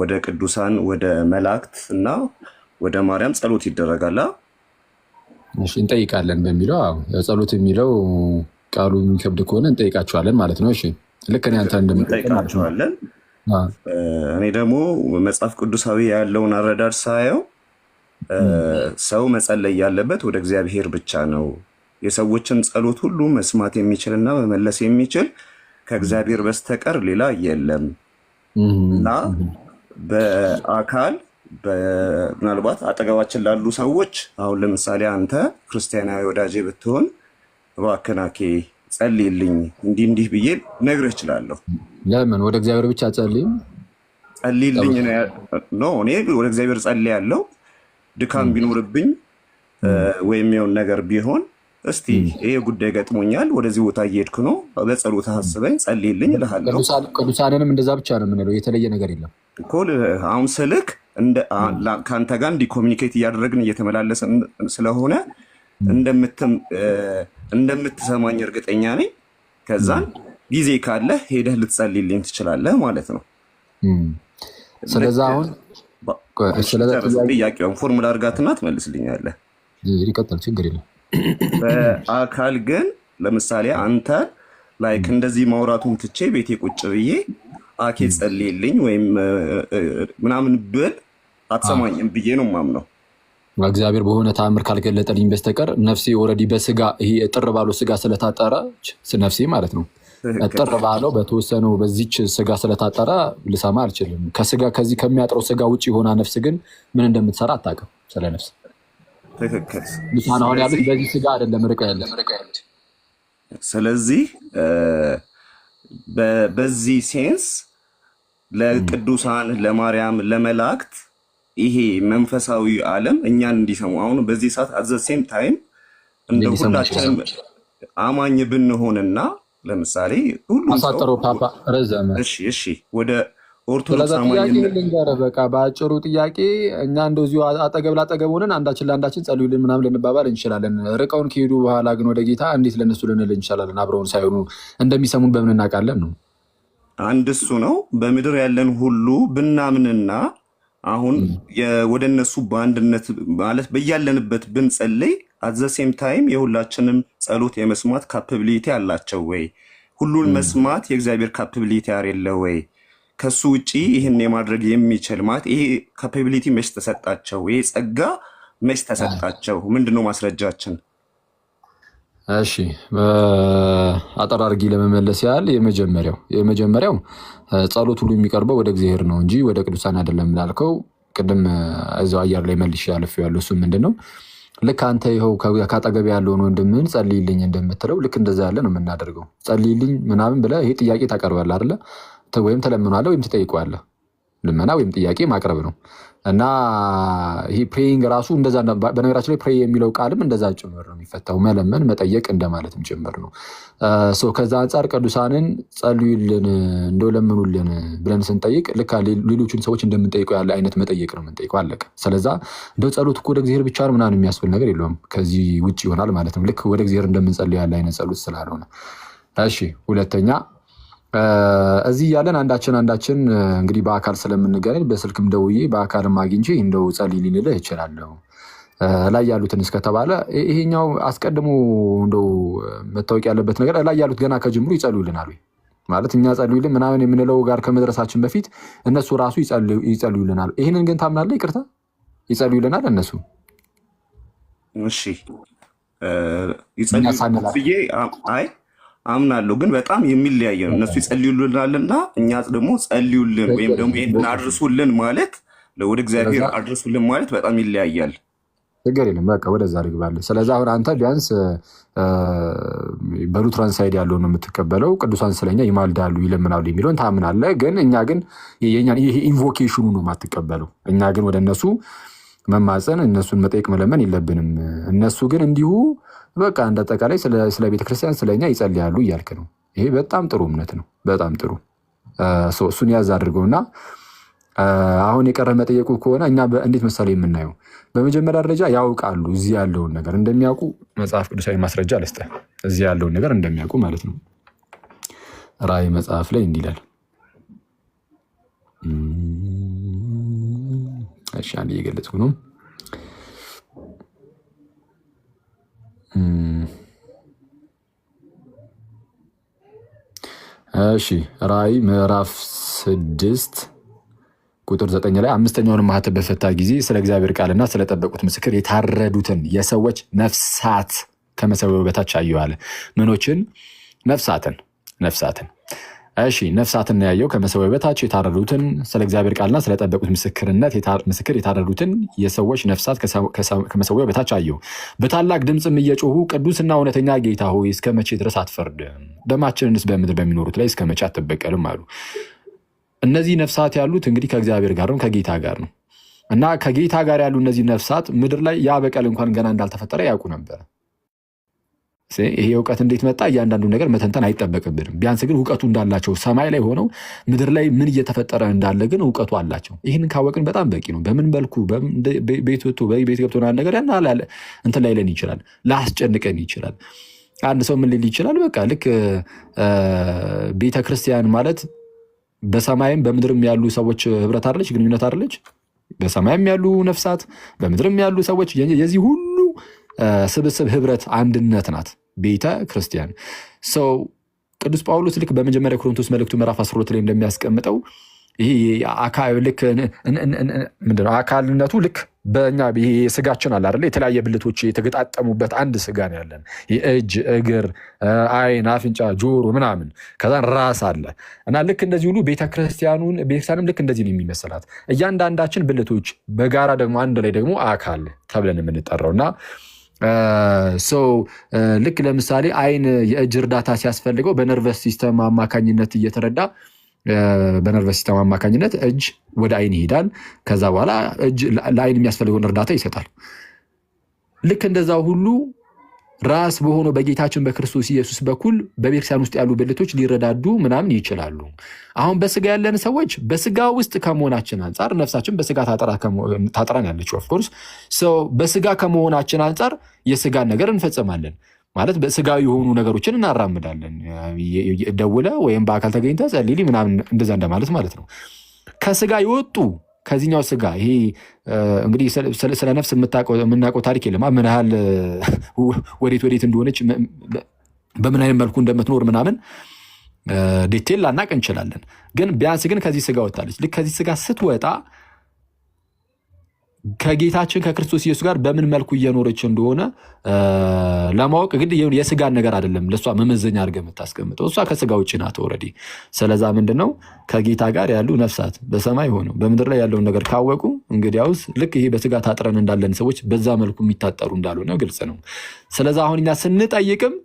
ወደ ቅዱሳን ወደ መላእክት እና ወደ ማርያም ጸሎት ይደረጋል። እንጠይቃለን በሚለው ጸሎት የሚለው ቃሉ የሚከብድ ከሆነ እንጠይቃቸዋለን ማለት ነው። እሺ ልክ እኔ አንተ እንደምጠይቃቸዋለን። እኔ ደግሞ መጽሐፍ ቅዱሳዊ ያለውን አረዳድ ሳየው ሰው መጸለይ ያለበት ወደ እግዚአብሔር ብቻ ነው። የሰዎችን ጸሎት ሁሉ መስማት የሚችልና መመለስ የሚችል ከእግዚአብሔር በስተቀር ሌላ የለም። እና በአካል ምናልባት አጠገባችን ላሉ ሰዎች አሁን ለምሳሌ አንተ ክርስቲያናዊ ወዳጄ ብትሆን ባከናኬ ጸልይልኝ እንዲህ እንዲህ ብዬ ነግርህ እችላለሁ። ለምን ወደ እግዚአብሔር ብቻ ጸልይም ጸልይልኝ ነው። እኔ ወደ እግዚአብሔር ጸልያለሁ። ድካም ቢኖርብኝ ወይም የሆን ነገር ቢሆን እስቲ ይሄ ጉዳይ ገጥሞኛል፣ ወደዚህ ቦታ እየሄድክ ነው፣ በጸሎት ሀስበኝ ጸልይልኝ እልሃለሁ። ቅዱሳንንም እንደዛ ብቻ ነው የምንለው፣ የተለየ ነገር የለም እኮ አሁን ስልክ ከአንተ ጋር እንዲህ ኮሚኒኬት እያደረግን እየተመላለሰ ስለሆነ እንደምትሰማኝ እርግጠኛ ነኝ። ከዛን ጊዜ ካለ ሄደህ ልትጸልይልኝ ትችላለህ ማለት ነው። ስለዛ አሁን ጥያቄውን ፎርሙላ እርጋትና ትመልስልኛለህ። ይቀጥል፣ ችግር የለም በአካል ግን ለምሳሌ አንተ ላይክ እንደዚህ ማውራቱን ትቼ ቤቴ ቁጭ ብዬ አኬ ጸልይልኝ ወይም ምናምን ብል አትሰማኝም ብዬ ነው ማምነው። እግዚአብሔር በሆነ ተአምር ካልገለጠልኝ በስተቀር ነፍሴ ኦልሬዲ በስጋ ይሄ እጥር ባለው ስጋ ስለታጠረ ነፍሴ ማለት ነው እጥር ባለው በተወሰነው በዚች ስጋ ስለታጠረ ልሰማ አልችልም። ከስጋ ከዚህ ከሚያጥረው ስጋ ውጭ የሆነ ነፍስ ግን ምን እንደምትሰራ አታውቅም ስለ ነፍስ ትክክል። ምሳን አሁን በዚህ ስጋ አይደለም ርቀ ያለ ስለዚህ በዚህ ሴንስ ለቅዱሳን ለማርያም ለመላእክት ይሄ መንፈሳዊ ዓለም እኛን እንዲሰሙ አሁን በዚህ ሰዓት አት ዘ ሴም ታይም እንደ ሁላችንም አማኝ ብንሆንና ለምሳሌ ሁሉ ሰው ወደ ኦርቶዶክስ በቃ በአጭሩ ጥያቄ እኛ እንደዚሁ አጠገብ ላጠገብ ሆነን አንዳችን ለአንዳችን ጸልዩልን ምናም ልንባባል እንችላለን። ርቀውን ከሄዱ በኋላ ግን ወደ ጌታ እንዴት ለነሱ ልንል እንችላለን? አብረውን ሳይሆኑ እንደሚሰሙን በምን እናውቃለን? ነው አንድ እሱ ነው። በምድር ያለን ሁሉ ብናምንና አሁን ወደ እነሱ በአንድነት ማለት በያለንበት ብንጸልይ አዘሴም ታይም የሁላችንም ጸሎት የመስማት ካፕብሊቲ አላቸው ወይ? ሁሉን መስማት የእግዚአብሔር ካፕብሊቲ አር የለ ወይ? ከሱ ውጭ ይህን የማድረግ የሚችል ማለት ይሄ ካፓቢሊቲ መች ተሰጣቸው? ይሄ ጸጋ መች ተሰጣቸው? ምንድን ነው ማስረጃችን? እሺ አጠራርጊ ለመመለስ ያህል የመጀመሪያው የመጀመሪያው ጸሎት ሁሉ የሚቀርበው ወደ እግዚአብሔር ነው እንጂ ወደ ቅዱሳን አይደለም ላልከው ቅድም እዛው አየር ላይ መልሼ አልፌዋለሁ። እሱ ምንድን ነው ልክ አንተ ይኸው ከአጠገብ ያለውን ወንድምህን ጸልይልኝ እንደምትለው ልክ እንደዛ ያለ ነው የምናደርገው። ጸልይልኝ ምናምን ብለህ ይሄ ጥያቄ ታቀርባለህ አይደለ? ወይም ተለምኗለህ ወይም ትጠይቀዋለህ። ልመና ወይም ጥያቄ ማቅረብ ነው እና ይህ ፕሬይንግ ራሱ እንደዛ። በነገራችን ላይ ፕሬይ የሚለው ቃልም እንደዛ ጭምር ነው የሚፈታው፣ መለመን መጠየቅ እንደማለትም ጭምር ነው። ከዛ አንጻር ቅዱሳንን ጸልዩልን፣ እንደው ለምኑልን ብለን ስንጠይቅ ልክ ሌሎችን ሰዎች እንደምንጠይቀው ያለ አይነት መጠየቅ ነው የምንጠይቀው። አለቀ። ስለዛ እንደው ጸሎት እኮ ወደ እግዚአብሔር ብቻ ነው ምናምን የሚያስብል ነገር የለውም። ከዚህ ውጭ ይሆናል ማለት ነው። ልክ ወደ እግዚአብሔር እንደምንጸልዩ ያለ አይነት ጸሎት ስላልሆነ። እሺ ሁለተኛ እዚህ እያለን አንዳችን አንዳችን እንግዲህ በአካል ስለምንገናኝ በስልክም ደውዬ በአካልም አግኝቼ እንደው ጸልይ ልልህ እችላለሁ ላይ ያሉትን እስከተባለ ይሄኛው አስቀድሞ እንደው መታወቅ ያለበት ነገር ላይ ያሉት ገና ከጅምሩ ይጸልዩልናሉ ማለት እኛ ጸልዩልን ምናምን የምንለው ጋር ከመድረሳችን በፊት እነሱ ራሱ ይጸልዩልናል። ይህንን ግን ታምናለ? ይቅርታ ይጸልዩልናል እነሱ እሺ፣ ይጸልዩ ብዬ አይ አምናለሁ ግን በጣም የሚለያየ ነው። እነሱ ይጸልዩልናልና እኛ ደግሞ ጸልዩልን ወይም ደግሞ ይሄን አድርሱልን ማለት ወደ እግዚአብሔር አድርሱልን ማለት በጣም ይለያያል። ችግር የለም በቃ ወደዛ ርግባለ። ስለዚ አሁን አንተ ቢያንስ በሉትራን ሳይድ ያለው ነው የምትቀበለው። ቅዱሳን ስለኛ ይማልዳሉ ይለምናሉ የሚለውን ታምናለ። ግን እኛ ግን ይሄ ኢንቮኬሽኑ ነው የማትቀበለው። እኛ ግን ወደ እነሱ መማፀን እነሱን መጠየቅ መለመን የለብንም። እነሱ ግን እንዲሁ በቃ እንደ አጠቃላይ ስለ ቤተ ክርስቲያን ስለ ይጸልያሉ እያልክ ነው። ይሄ በጣም ጥሩ እምነት ነው። በጣም ጥሩ እሱን ያዝ አድርገውና አሁን የቀረ መጠየቁ ከሆነ እኛ እንዴት መሳሌ የምናየው በመጀመሪያ ደረጃ ያውቃሉ። እዚህ ያለውን ነገር እንደሚያውቁ መጽሐፍ ቅዱሳዊ ማስረጃ አልስጠህ። እዚህ ያለውን ነገር እንደሚያውቁ ማለት ነው። ራእይ መጽሐፍ ላይ እንዲህ ይላል። እሺ አንድ እየገለጽኩ ነው። እሺ ራእይ ምዕራፍ ስድስት ቁጥር ዘጠኝ ላይ አምስተኛውን ማኅተም በፈታ ጊዜ ስለ እግዚአብሔር ቃልና ስለጠበቁት ምስክር የታረዱትን የሰዎች ነፍሳት ከመሰዊያው በታች ምኖችን? ነፍሳትን ነፍሳትን እሺ ነፍሳትን ያየው ከመሰዊያ በታች የታረዱትን ስለ እግዚአብሔር ቃልና ስለጠበቁት ምስክርነት ምስክር የታረዱትን የሰዎች ነፍሳት ከመሰዊያ በታች አየው። በታላቅ ድምፅም እየጮሁ ቅዱስና እውነተኛ ጌታ ሆይ እስከ መቼ ድረስ አትፈርድም? ደማችንንስ በምድር በሚኖሩት ላይ እስከ መቼ አትበቀልም? አሉ። እነዚህ ነፍሳት ያሉት እንግዲህ ከእግዚአብሔር ጋር ነው፣ ከጌታ ጋር ነው እና ከጌታ ጋር ያሉ እነዚህ ነፍሳት ምድር ላይ ያ በቀል እንኳን ገና እንዳልተፈጠረ ያውቁ ነበር። ይሄ እውቀት እንዴት መጣ? እያንዳንዱ ነገር መተንተን አይጠበቅብንም። ቢያንስ ግን እውቀቱ እንዳላቸው ሰማይ ላይ ሆነው ምድር ላይ ምን እየተፈጠረ እንዳለ ግን እውቀቱ አላቸው። ይህንን ካወቅን በጣም በቂ ነው። በምን መልኩ ቤት ወጥቶ ቤት ገብቶ ነገር እንትን ላይለን ይችላል፣ ላስጨንቀን ይችላል። አንድ ሰው ምን ሊል ይችላል? በቃ ልክ ቤተ ክርስቲያን ማለት በሰማይም በምድርም ያሉ ሰዎች ህብረት አለች፣ ግንኙነት አለች። በሰማይም ያሉ ነፍሳት፣ በምድርም ያሉ ሰዎች የዚህ ሁሉ ስብስብ ህብረት አንድነት ናት። ቤተ ክርስቲያን ሰው ቅዱስ ጳውሎስ ልክ በመጀመሪያ ኮሮንቶስ መልእክቱ ምዕራፍ 12 ላይ እንደሚያስቀምጠው አካልነቱ ልክ በእኛ ስጋችን አለ አይደለ? የተለያየ ብልቶች የተገጣጠሙበት አንድ ስጋ ነው ያለን። የእጅ እግር፣ አይን፣ አፍንጫ፣ ጆሮ ምናምን ከዛን ራስ አለ እና ልክ እንደዚህ ሁሉ ቤተክርስቲያኑን ቤተክርስቲያንም ልክ እንደዚህ ነው የሚመስላት። እያንዳንዳችን ብልቶች በጋራ ደግሞ አንድ ላይ ደግሞ አካል ተብለን የምንጠራው እና ሰው ልክ ለምሳሌ አይን የእጅ እርዳታ ሲያስፈልገው በነርቨስ ሲስተም አማካኝነት እየተረዳ በነርቨስ ሲስተም አማካኝነት እጅ ወደ አይን ይሄዳል። ከዛ በኋላ እጅ ለአይን የሚያስፈልገውን እርዳታ ይሰጣል። ልክ እንደዛ ሁሉ ራስ በሆነው በጌታችን በክርስቶስ ኢየሱስ በኩል በቤተክርስቲያን ውስጥ ያሉ ብልቶች ሊረዳዱ ምናምን ይችላሉ። አሁን በስጋ ያለን ሰዎች በስጋ ውስጥ ከመሆናችን አንጻር ነፍሳችን በስጋ ታጠራን ያለችው ኦፍኮርስ ሰው በስጋ ከመሆናችን አንጻር የስጋን ነገር እንፈጽማለን ማለት በስጋዊ የሆኑ ነገሮችን እናራምዳለን። ደውለ ወይም በአካል ተገኝተ ጸልይ ምናምን እንደዛ እንደማለት ማለት ነው። ከስጋ የወጡ ከዚህኛው ስጋ ይሄ እንግዲህ ስለ ነፍስ የምናውቀው ታሪክ የለም። ምን ያህል ወዴት ወዴት እንደሆነች በምን አይነት መልኩ እንደምትኖር ምናምን ዴቴል ላናቅ እንችላለን። ግን ቢያንስ ግን ከዚህ ስጋ ወጣለች። ልክ ከዚህ ስጋ ስትወጣ ከጌታችን ከክርስቶስ ኢየሱስ ጋር በምን መልኩ እየኖረች እንደሆነ ለማወቅ እንግዲህ የስጋን ነገር አይደለም ለእሷ መመዘኛ አድርገ የምታስቀምጠው። እሷ ከስጋ ውጭ ናት ኦልሬዲ። ስለዛ ምንድነው ከጌታ ጋር ያሉ ነፍሳት በሰማይ ሆነ በምድር ላይ ያለውን ነገር ካወቁ እንግዲያውስ ልክ ይሄ በስጋ ታጥረን እንዳለን ሰዎች በዛ መልኩ የሚታጠሩ እንዳልሆነ ግልጽ ነው። ስለዛ አሁን እኛ ስንጠይቅም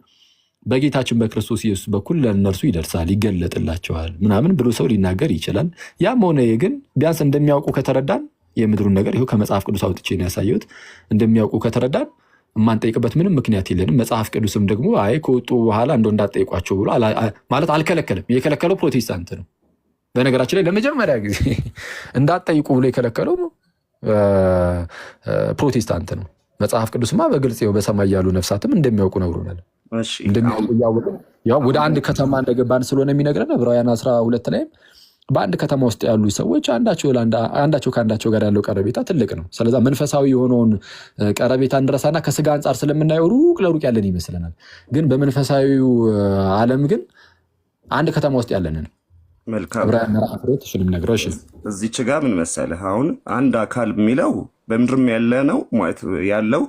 በጌታችን በክርስቶስ ኢየሱስ በኩል ለእነርሱ ይደርሳል፣ ይገለጥላቸዋል ምናምን ብሎ ሰው ሊናገር ይችላል። ያም ሆነ ግን ቢያንስ እንደሚያውቁ ከተረዳን የምድሩን ነገር ይኸው ከመጽሐፍ ቅዱስ አውጥቼ ነው ያሳየሁት። እንደሚያውቁ ከተረዳን የማንጠይቅበት ምንም ምክንያት የለንም። መጽሐፍ ቅዱስም ደግሞ አይ ከወጡ በኋላ እንደ እንዳጠይቋቸው ብሎ ማለት አልከለከለም። የከለከለው ፕሮቴስታንት ነው። በነገራችን ላይ ለመጀመሪያ ጊዜ እንዳጠይቁ ብሎ የከለከለው ፕሮቴስታንት ነው። መጽሐፍ ቅዱስማ በግልጽ በሰማይ ያሉ ነፍሳትም እንደሚያውቁ ነግሮናል። እንደሚያውቁ እያወቅን ያው ወደ አንድ ከተማ እንደገባን ስለሆነ የሚነግረን ዕብራውያን አስራ ሁለት ላይም በአንድ ከተማ ውስጥ ያሉ ሰዎች አንዳቸው ከአንዳቸው ጋር ያለው ቀረቤታ ትልቅ ነው። ስለዛ መንፈሳዊ የሆነውን ቀረቤታ እንድረሳና ከስጋ አንጻር ስለምናየው ሩቅ ለሩቅ ያለን ይመስለናል። ግን በመንፈሳዊው ዓለም ግን አንድ ከተማ ውስጥ ያለንን እዚች ጋ ምን መሰለህ፣ አሁን አንድ አካል የሚለው በምድርም ያለ ነው ማለት ያለው።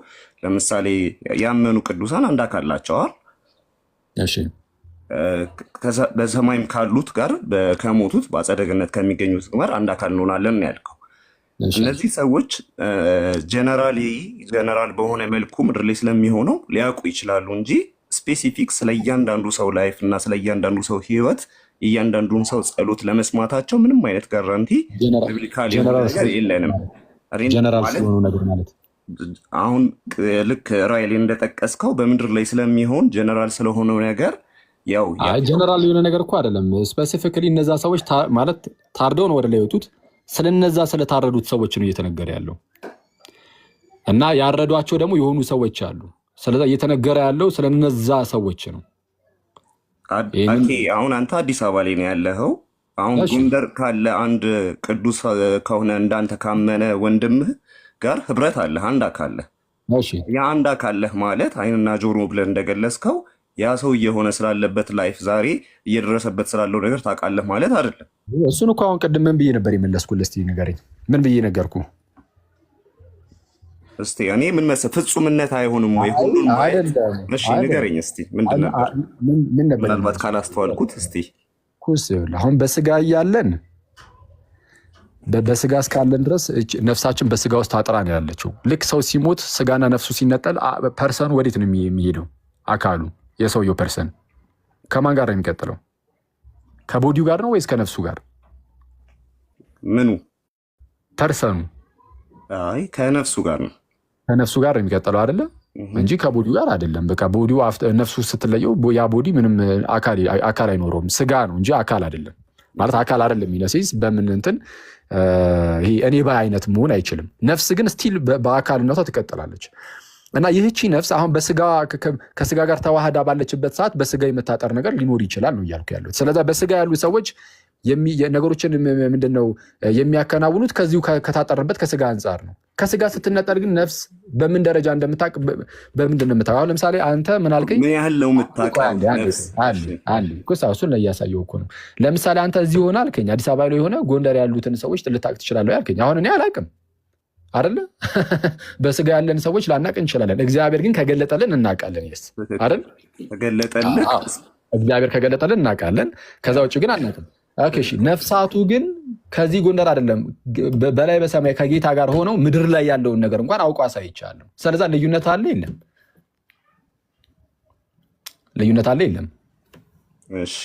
ለምሳሌ ያመኑ ቅዱሳን አንድ አካል ናቸዋል። በሰማይም ካሉት ጋር ከሞቱት በአጸደግነት ገነት ከሚገኙት ጋር አንድ አካል እንሆናለን ነው ያልከው። እነዚህ ሰዎች ጀነራል ጀነራል በሆነ መልኩ ምድር ላይ ስለሚሆነው ሊያውቁ ይችላሉ እንጂ ስፔሲፊክ ስለ እያንዳንዱ ሰው ላይፍ እና ስለ እያንዳንዱ ሰው ህይወት እያንዳንዱን ሰው ጸሎት ለመስማታቸው ምንም አይነት ጋራንቲ ቢብሊካል ነገር የለንም። አሁን ልክ ራይሌ እንደጠቀስከው በምድር ላይ ስለሚሆን ጀነራል ስለሆነው ነገር ያው ጀነራል የሆነ ነገር እኮ አይደለም። ስፔሲፊካሊ እነዛ ሰዎች ማለት ታርደው ነው ወደ ላይ የወጡት። ስለነዛ ስለታረዱት ሰዎች ነው እየተነገረ ያለው እና ያረዷቸው ደግሞ የሆኑ ሰዎች አሉ። ስለዛ እየተነገረ ያለው ስለነዛ ሰዎች ነው። አሁን አንተ አዲስ አበባ ላይ ነው ያለኸው። አሁን ጎንደር ካለ አንድ ቅዱስ ከሆነ እንዳንተ ካመነ ወንድምህ ጋር ህብረት አለህ፣ አንድ አካለህ። የአንድ አካለህ ማለት አይንና ጆሮ ብለን እንደገለጽከው ያ ሰው እየሆነ ስላለበት ላይፍ ዛሬ እየደረሰበት ስላለው ነገር ታውቃለህ ማለት አይደለም። እሱን እኮ አሁን ቅድም ምን ብዬ ነበር የመለስኩልህ? እስኪ ንገረኝ። ምን ብዬ ነገርኩ? እስኪ እኔ ምን መሰለህ ፍጹምነት አይሆንም ወይ ሁሉን እሺ፣ ንገረኝ እስኪ ነበር? ምናልባት ካላስተዋልኩት እስኪ አሁን በስጋ እያለን በስጋ እስካለን ድረስ ነፍሳችን በስጋ ውስጥ አጥራ ነው ያለችው። ልክ ሰው ሲሞት ስጋና ነፍሱ ሲነጠል ፐርሰኑ ወዴት ነው የሚሄደው አካሉ የሰውየው ፐርሰን ከማን ጋር ነው የሚቀጥለው? ከቦዲው ጋር ነው ወይስ ከነፍሱ ጋር? ምኑ ፐርሰኑ? አይ ከነፍሱ ጋር ነው። ከነፍሱ ጋር ነው የሚቀጥለው አይደለ እንጂ ከቦዲው ጋር አይደለም። በቃ ቦዲው ነፍሱ ስትለየው ያ ቦዲ ምንም አካል አይኖረውም። ስጋ ነው እንጂ አካል አይደለም። ማለት አካል አይደለም ይለሴስ በምን እንትን ይሄ እኔ ባይ አይነት መሆን አይችልም። ነፍስ ግን ስቲል በአካልነቷ ትቀጥላለች። እና ይህቺ ነፍስ አሁን ከስጋ ጋር ተዋህዳ ባለችበት ሰዓት በስጋ የመታጠር ነገር ሊኖር ይችላል ነው እያልኩ ያሉት። ስለዚ በስጋ ያሉ ሰዎች ነገሮችን ምንድነው የሚያከናውኑት ከዚሁ ከታጠርበት ከስጋ አንጻር ነው። ከስጋ ስትነጠር ግን ነፍስ በምን ደረጃ እንደምታቅ በምንድን ነው የምታውቀው? ለምሳሌ አንተ ምን አልከኝ? ምን ያህል ነው የምታውቀው? እሱን እያሳየሁ እኮ ነው። ለምሳሌ አንተ እዚህ ሆነ አልከኝ፣ አዲስ አበባ ላይ የሆነ ጎንደር ያሉትን ሰዎች ልታውቅ ትችላለህ አልከኝ። አሁን እኔ አላውቅም አይደለ? በስጋ ያለን ሰዎች ላናቅ እንችላለን። እግዚአብሔር ግን ከገለጠልን እናቃለን። ስ አይደል? እግዚአብሔር ከገለጠልን እናውቃለን። ከዛ ውጭ ግን አናውቅም። ነፍሳቱ ግን ከዚህ ጎንደር አይደለም በላይ በሰማይ ከጌታ ጋር ሆነው ምድር ላይ ያለውን ነገር እንኳን አውቋ አሳይቻለሁ። ስለዛ ልዩነት አለ የለም? ልዩነት አለ የለም? እሺ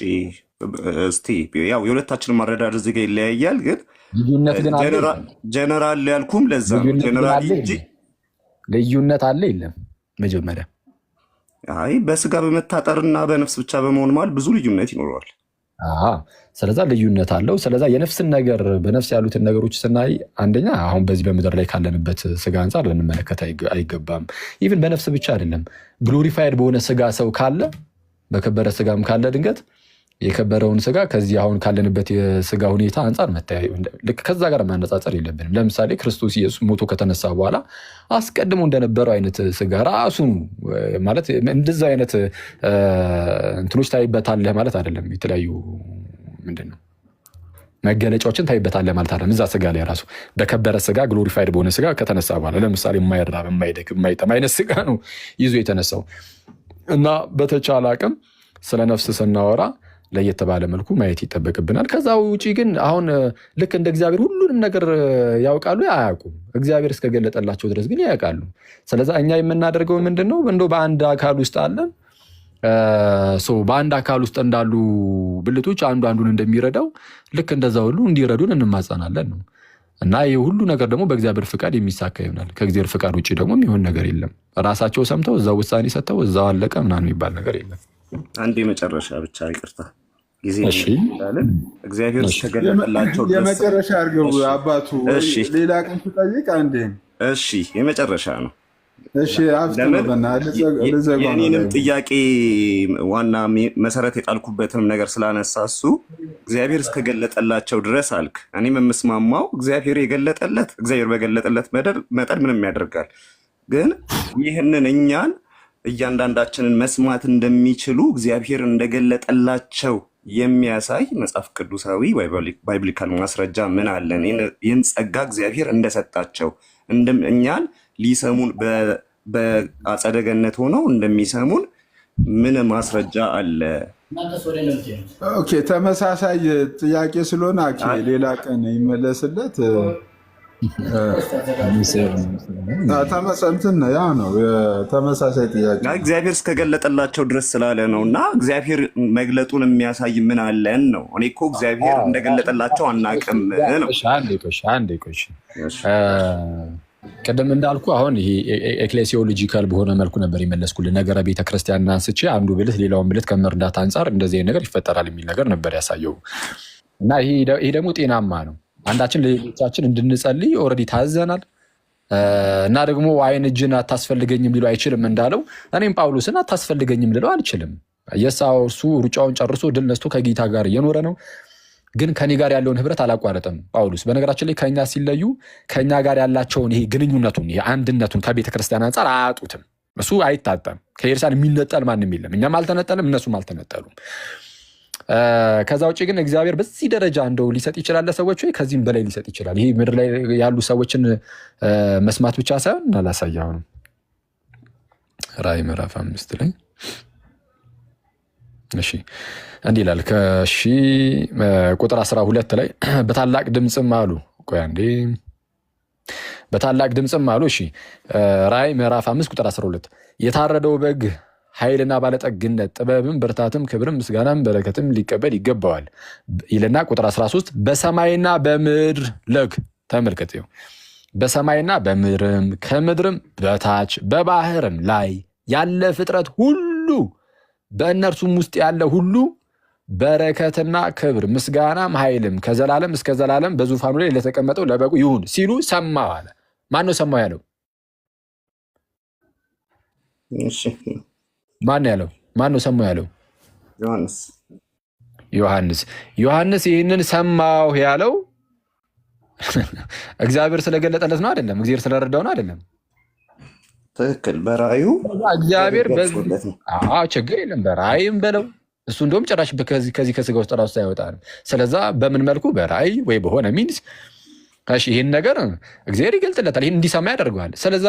እስቲ ያው የሁለታችን ማረዳድ እዚህ ጋ ይለያያል፣ ግን ጀነራል ያልኩም ለዛ ጀነራል እንጂ ልዩነት አለ የለም። መጀመሪያ አይ በስጋ በመታጠርና በነፍስ ብቻ በመሆን መሃል ብዙ ልዩነት ይኖረዋል። ስለዛ ልዩነት አለው። ስለዛ የነፍስን ነገር በነፍስ ያሉትን ነገሮች ስናይ አንደኛ አሁን በዚህ በምድር ላይ ካለንበት ስጋ አንጻር ልንመለከት አይገባም። ኢቭን በነፍስ ብቻ አይደለም ግሎሪፋይድ በሆነ ስጋ ሰው ካለ በከበረ ስጋም ካለ ድንገት የከበረውን ስጋ ከዚህ አሁን ካለንበት የስጋ ሁኔታ አንጻር መታየው ከዛ ጋር ማነጻጸር የለብንም። ለምሳሌ ክርስቶስ ኢየሱስ ሞቶ ከተነሳ በኋላ አስቀድሞ እንደነበረው አይነት ስጋ ራሱ ማለት እንደዛ አይነት እንትኖች ታይበታለህ ማለት አይደለም። የተለያዩ ምንድን ነው መገለጫዎችን ታይበታለህ ማለት አይደለም። እዛ ስጋ ላይ ራሱ በከበረ ስጋ ግሎሪፋይድ በሆነ ስጋ ከተነሳ በኋላ ለምሳሌ የማይራብ የማይደግ የማይጠም አይነት ስጋ ነው ይዞ የተነሳው እና በተቻለ አቅም ስለ ነፍስ ስናወራ ለየት ባለ መልኩ ማየት ይጠበቅብናል። ከዛ ውጪ ግን አሁን ልክ እንደ እግዚአብሔር ሁሉንም ነገር ያውቃሉ አያውቁም? እግዚአብሔር እስከገለጠላቸው ድረስ ግን ያውቃሉ። ስለዛ እኛ የምናደርገው ምንድን ነው? እንደው በአንድ አካል ውስጥ አለን። በአንድ አካል ውስጥ እንዳሉ ብልቶች አንዱ አንዱን እንደሚረዳው ልክ እንደዛ ሁሉ እንዲረዱን እንማጸናለን ነው እና ይህ ሁሉ ነገር ደግሞ በእግዚአብሔር ፍቃድ የሚሳካ ይሆናል። ከእግዚአብሔር ፍቃድ ውጭ ደግሞ የሚሆን ነገር የለም። ራሳቸው ሰምተው እዛው ውሳኔ ሰጥተው እዛው አለቀ ምናምን የሚባል ነገር የለም። አንድ የመጨረሻ ብቻ ይቅርታ ጊዜ ይችላልን እግዚአብሔር ተገለጠላቸው። የመጨረሻ አድርገው አባቱ ሌላ ቀን ትጠይቅ። አንዴ እሺ፣ የመጨረሻ ነው። የእኔንም ጥያቄ ዋና መሰረት የጣልኩበትንም ነገር ስላነሳሱ እግዚአብሔር እስከገለጠላቸው ድረስ አልክ። እኔም የምስማማው እግዚአብሔር የገለጠለት እግዚአብሔር በገለጠለት መጠን ምንም ያደርጋል። ግን ይህንን እኛን እያንዳንዳችንን መስማት እንደሚችሉ እግዚአብሔር እንደገለጠላቸው የሚያሳይ መጽሐፍ ቅዱሳዊ ባይብሊካል ማስረጃ ምን አለን? ይህን ጸጋ እግዚአብሔር እንደሰጣቸው እኛን ሊሰሙን በአጸደ ገነት ሆነው እንደሚሰሙን ምን ማስረጃ አለ? ተመሳሳይ ጥያቄ ስለሆነ ሌላ ቀን ይመለስለት። ያ ነው ተመሳሳይ ጥያቄ እግዚአብሔር እስከገለጠላቸው ድረስ ስላለ ነው። እና እግዚአብሔር መግለጡን የሚያሳይ ምን አለን ነው። እኔ እኮ እግዚአብሔር እንደገለጠላቸው አናቅም ነው። ቅድም እንዳልኩ አሁን ይሄ ኤክሌሲዮሎጂካል በሆነ መልኩ ነበር የመለስኩልን ነገረ ቤተክርስቲያንን አንስቼ አንዱ ብልት ሌላውን ብልት ከመርዳት አንጻር እንደዚህ ነገር ይፈጠራል የሚል ነገር ነበር ያሳየው እና ይሄ ደግሞ ጤናማ ነው። አንዳችን ለሌሎቻችን እንድንጸልይ ኦልሬዲ ታዘናል። እና ደግሞ አይን እጅን አታስፈልገኝም ሊለው አይችልም እንዳለው እኔም ጳውሎስን አታስፈልገኝም ልለው አልችልም። የሳ እርሱ ሩጫውን ጨርሶ ድል ነስቶ ከጌታ ጋር እየኖረ ነው። ግን ከኔ ጋር ያለውን ህብረት አላቋረጠም ጳውሎስ። በነገራችን ላይ ከኛ ሲለዩ ከኛ ጋር ያላቸውን ይሄ ግንኙነቱን ይሄ አንድነቱን ከቤተ ክርስቲያን አንጻር አያጡትም። እሱ አይታጠም። ከኤርሳን የሚነጠል ማንም የለም። እኛም አልተነጠልም፣ እነሱም አልተነጠሉም። ከዛ ውጭ ግን እግዚአብሔር በዚህ ደረጃ እንደው ሊሰጥ ይችላል ለሰዎች ወይ ከዚህም በላይ ሊሰጥ ይችላል። ይሄ ምድር ላይ ያሉ ሰዎችን መስማት ብቻ ሳይሆን አላሳየ አሁንም ራእይ ምዕራፍ አምስት ላይ እሺ እንዲህ ይላል ከሺ ቁጥር አስራ ሁለት ላይ በታላቅ ድምፅም አሉ ቆይ አንዴ በታላቅ ድምፅም አሉ እሺ ራእይ ምዕራፍ አምስት ቁጥር አስራ ሁለት የታረደው በግ ኃይልና ባለጠግነት፣ ጥበብም፣ ብርታትም፣ ክብርም፣ ምስጋናም፣ በረከትም ሊቀበል ይገባዋል ይልና ቁጥር 13 በሰማይና በምድር ለግ ተመልከት በሰማይና በምድርም ከምድርም በታች በባህርም ላይ ያለ ፍጥረት ሁሉ በእነርሱም ውስጥ ያለ ሁሉ በረከትና ክብር ምስጋናም ኃይልም ከዘላለም እስከ ዘላለም በዙፋኑ ላይ ለተቀመጠው ለበጉ ይሁን ሲሉ ሰማሁ አለ። ማን ነው ሰማው ያለው? ማን ያለው? ማን ነው ሰማው ያለው? ዮሐንስ። ዮሐንስ ይህንን ሰማው ያለው እግዚአብሔር ስለገለጠለት ነው አይደለም? እግዚአብሔር ስለረዳው ነው አይደለም? ትክክል። በራዩ እግዚአብሔር ችግር የለም። በራይም በለው እሱ እንደውም ጭራሽ ከዚህ ከስጋ ውስጥ ራሱ ሳይወጣ ስለዛ በምን መልኩ በራይ ወይ በሆነ ሚንስ እሺ ይህን ነገር እግዚአብሔር ይገልጥለታል። ይህን እንዲሰማ ያደርገዋል። ስለዛ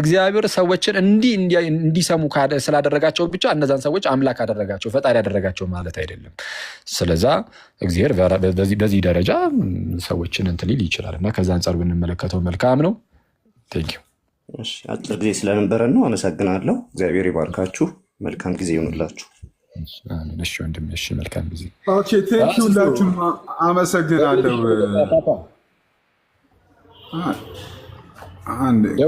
እግዚአብሔር ሰዎችን እንዲህ እንዲሰሙ ስላደረጋቸው ብቻ እነዛን ሰዎች አምላክ አደረጋቸው ፈጣሪ ያደረጋቸው ማለት አይደለም። ስለዛ እግዚአብሔር በዚህ ደረጃ ሰዎችን እንትን ሊል ይችላል እና ከዛ አንጻር ብንመለከተው መልካም ነው። ቴንኪው። አጭር ጊዜ ስለነበረን ነው። አመሰግናለሁ። እግዚአብሔር ይባርካችሁ። መልካም ጊዜ ይሆንላችሁ። ወንድም መልካም ጊዜ። ቴንኪው። ሁላችሁም አመሰግናለሁ። አንድ